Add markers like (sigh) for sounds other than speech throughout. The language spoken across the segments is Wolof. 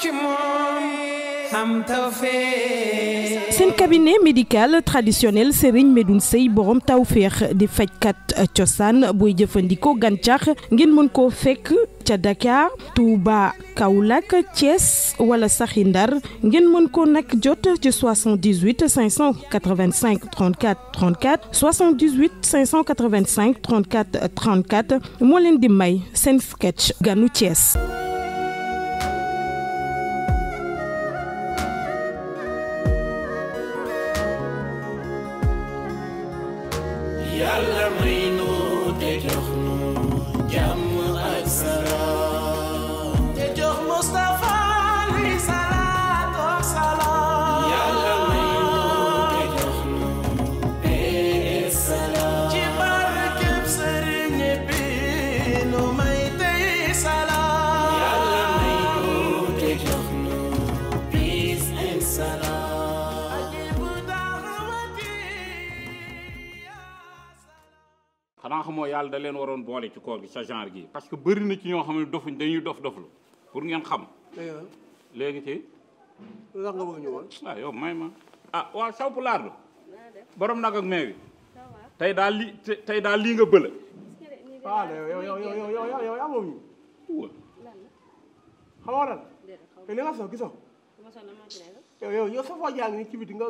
ci moom cabinet médical traditionnel Serigne Medoun Sey borom tawfeex di kat cosaan booy jëfandikoo gantiax ngeen mën ko fekk ca Dakar Touba Kaoulak Thiès wala Sakhindar Ndar ngeen ko nak jot ci 78 585 34 34 78 585 34 34 mo leen di may sen sketch ganu Thiès. yàlla may nu te jox xanaa xamoo yàlla da leen waroon boole ci koor gi sa genre gi parce que bëri na ci ñoo xam ne dofuñ dañuy dof doflu pour ngeen xam léegi ci lu tax nga bëgg ah, yow ma ah borom nag ak tey daal tey daal lii nga bëla waaw yow yow yow yow yow yaa moom ñu ni ci biti nga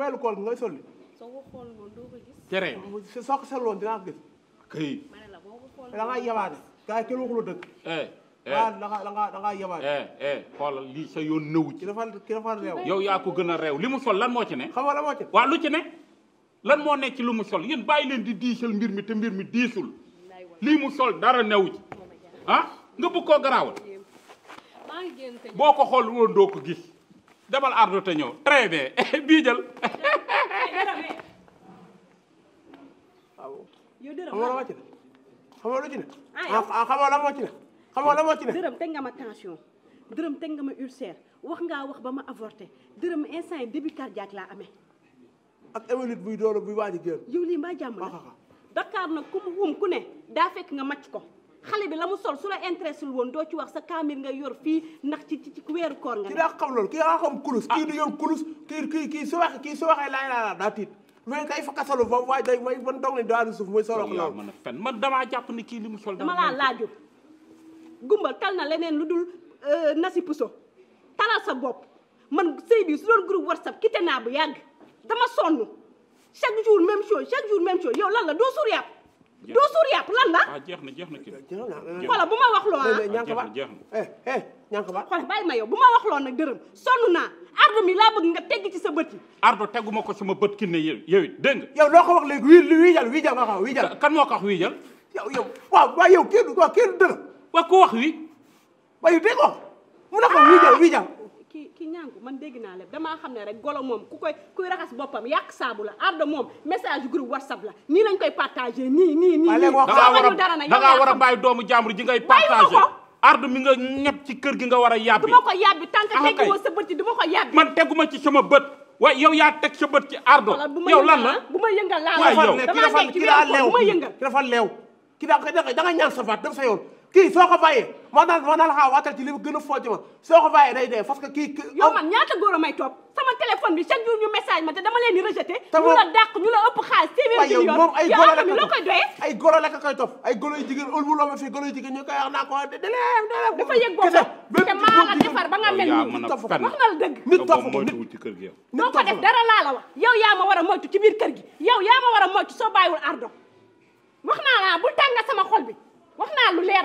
weelu kool nga solli cere soo ko selloon dinaa ko gis kay da ngaa yabaate gars yi dëgg ah da nga da nga da nga lii sa yoon nëwu ci. ki dafa ki yow yaa ko gën a réew li mu sol lan moo ci ne. xam nga lan moo ci ne. lu ci ne lan moo nekk ci lu mu sol yéen bàyyi leen di diisal mbir mi te mbir mi diisul lii mu sol dara newu ci ah nga bëgg garaawal. boo ko xool woon doo ko gis. demal ardo te ñëw très (laughs) bii jël. yow dërëm xamoo la wàcc na xamoo lu ci ne. ah, ah, ah xamoo la moo ci ne. dërëm teg nga ma tension dërëm teg nga ma ulcère wax ngaa wax ba ma avorté dërëm instant yi début laa amee. ak évolute buy doole buy waaj a yow lii mbaa jàmm la ah, Dakar nag ku mu wum ku ne daa fekk nga màcc ko. xale bi la mu sol su la intéressé woon doo ci wax sa kaamil nga yor fii ndax ci ci weeru koor nga. ki daa xam loolu ki daa xam kulus. kii du yor kulus kii kii kii su waxee kii laa mais day fakkasalu foofu waaye day may ban dong ni daanu suuf mooy man damaa jàpp ni kii li mu sol dama laa laaju gumbal tal na leneen lu dul euh, nasi puso talal sa bopp man sëy bi su doon groupe whatsapp quitté naa bu yàgg dama sonn chaque jour même chose chaque jour même chose yow lan la doo suur yàpp doo lan la ah, jeex na jeex na kii voilà bu ma wax loo ah. ah jeex na jeex na eh, eh. ñank ba xol bàyyi ma yow bu ma wax loon ardo mi laa bëgg nga ardo teguma ko sama bët ki ne yow it dégg yow loo ko wax léegi wii wii jal wii jal nga wax wii jal kan moo ko wax wii jal yow yow waaw waaw yow kenn ne ah, ki ki ñanku man dégg naa lépp damaa xam ne rek koy kuy raxas boppam yàq ardo moom message groupe whatsapp la ni lañ koy partagé ni, ni, ni. nii soo ma ñu dara nag da ngaa war a doomu jàmbur ji ngay partagé ardu mi nga ñëpp ci kër gi nga war a yàbbi. du ma ko yàbbi tant que ah, teggiwoo sa bët yi du ma ko yàbbi. man tegguma ci sama bët. waaye yow yaa teg sa bët ci ardo yow lan la bu ma yëngal laa la. waaye yow damaa a ci weeru koor bu ma dafa leew ki dafa leew ki da nga ñaan sa baat dem sa yoon كي سوكو فاي مانا مانا لها واتر تلو جنو فوتي مان سوكو فاي داي داي فاسكا كي يو مان نياتا غورا ماي توب سما تليفون بي شاك يو ميساج ما تدام لي ريجيتي تما لا داك نولا اوب خا سي مي ديو يو اي لك لا كاي توب اي غورا لك كاي توب اي غورا ديغن اول بولو ما في غورا ديغن نيو كاي اخنا كو ديلام ديلام دافا يك بوكو كي ما لا ديفار باغا ملني واخنا لا دغ نيت توب نيت توب كير غي نو كو ديف دارا لا لا يو ياما ورا مويتو تي بير كير غي يو ياما ورا مويتو سو بايول اردو واخنا لا بول تانغا سما خول بي واخنا لو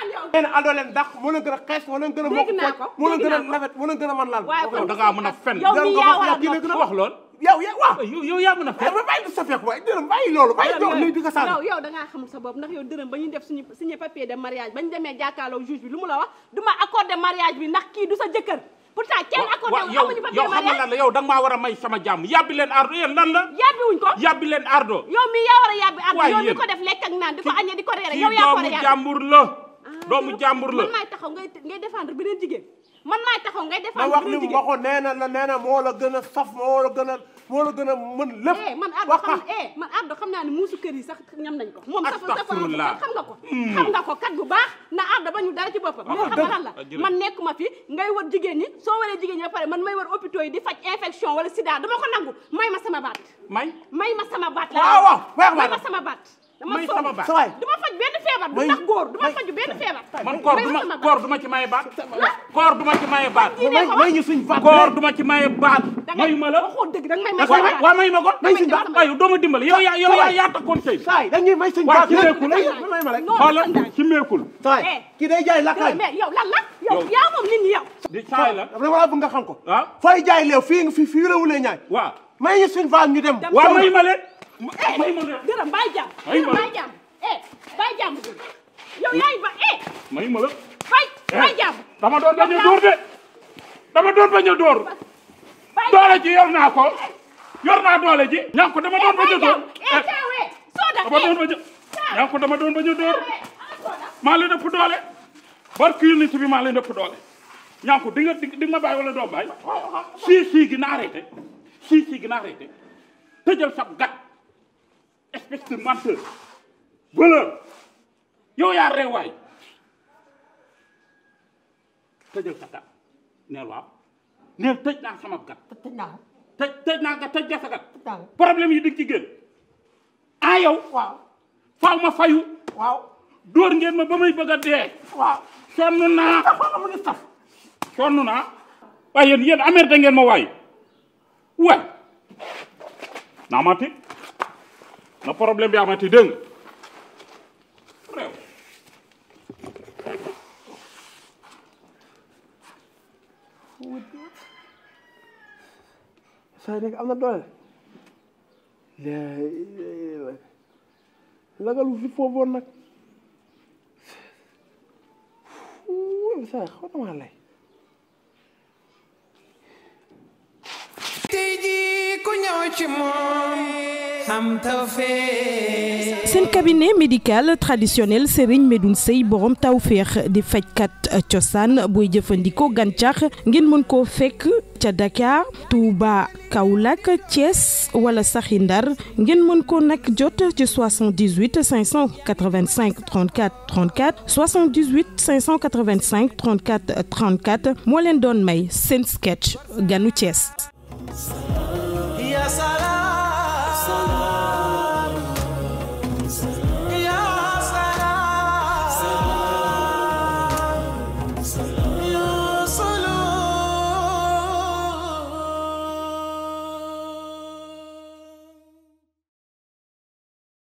nee na àndoo leen dàq moo leen gën a xees moo leen gën a mokk moo leen gën a nawet moo leen gën a mën da ngaa mën a fen gën a wax lool yow yaa waaw yow yaa mën a fen bàyyi di safeeku waay dërëm bàyyi loolu bàyyi jox nii di ko sànni yow da ngaa xamul sa bopp ndax yow dërëm ba ñuy def suñu signé papier de mariage bañ demee jàkkaarloo juge bi lu mu la wax du ma accordé mariage bi ndax kii du sa jëkkër pourtant kenn accordé amuñu papier mariage yow xam nga lan la yow da nga maa war a may sama jàmm yàbbi leen ardo yéen lan la yàbbi wuñ ko yàbbi leen ardo yow mi ya, war a yàbbi ardo yow mi ko def lekk ak naan di ko añee di yow yaa ko jàmbur la doomu jàmbur la man maay taxaw ngay ngay défendre beneen jigéen man maay taxaw ngay défendre beneen jigéen ma wax ni waxoon nee na la nee na moo gën a saf moo la gën a moo la gën a mën lépp. Eh, man Ardo xam eh man Ardo xam naa kër yi sax ñam nañ ko. moom safa safa xam nga ko. Hmm. nga ko kat bu baax na Ardo ba ñu dara ci boppam. waaw ah, xam la ah, man nekkuma fi ngay war jigéen ñi soo waree jigéen ñi ba man may war hôpitaux yi di faj infection wala sida dama ko nangu may ma sama baat. may may ma sama baat la waaw waaw may ma sama baat may sama baat dama du ma faj benn feebar. du tax góor du ma faj benn feebar. man góor du ma góor du ma ci maye baat. góor du ma ci maye baat. may ñu suñu baat góor du ma ci maye baat. mayu ma la waxoo dëgg danga may ma waaw mayu ma ko. may suñu baat waaw doo ma dimbali yow yaa yow yaa takkoon tey. saa yi dañuy may suñu baat yéen may ma rek. xoolal ci meekul. saa yi eh. kii day jaay lakkaay. mais yow lan la yow yaa moom nit ñi yow. di saa yi la dama bëgg nga xam ko. waaw ah? fooy jaay leew fii fii la wulee ñaay. waaw may ñu suñu baat ñu dem. waaw eh, may ma leen. may ma leen mayuma la. fay fay jàmm. dama don bañ dor, de. dama doon bañ a dóor. ji yor naa yor naa doole ji. ñaan dama doon bañ a dama doon bañ a. dama doon bañ a dóor. maa leen ëpp barki unité bi maa leen ëpp di nga di nga wala gi na arrêté. gi na arrêté. gat. espèce de menteur. voleur. yow ya, tëjal sa gat neel waaw neel tëj naa sama gat tëj naa tëj tëj naa gat tëj nga sa gat problème yi dig ci génn ah yow waaw faaw ma fayu waaw dóor ngeen ma ba may bëgg a dee waaw sonn naa (laughs) amu ni saf sonn naa waaye yéen yéen amer ngeen ma waayu waay na amati na problème bi amati dégg saa yi nekk am na doole lagalu fi foofoon nag saa xaw na lay tey jii ku ñëw ci moom seen cabinet médical traditionnel Serigne Medoune Sey borom tawféex di fajkat euh, cosaan booy jëfandikoo gàncax ngeen mën koo fekk ca Dakar Touba Kaolack Thiès wala saxi Ndar ngeen mën ko nag jot ci 78 585 34 34 78 585 34 34 moo leen doon may seen sketch ganu Thiès.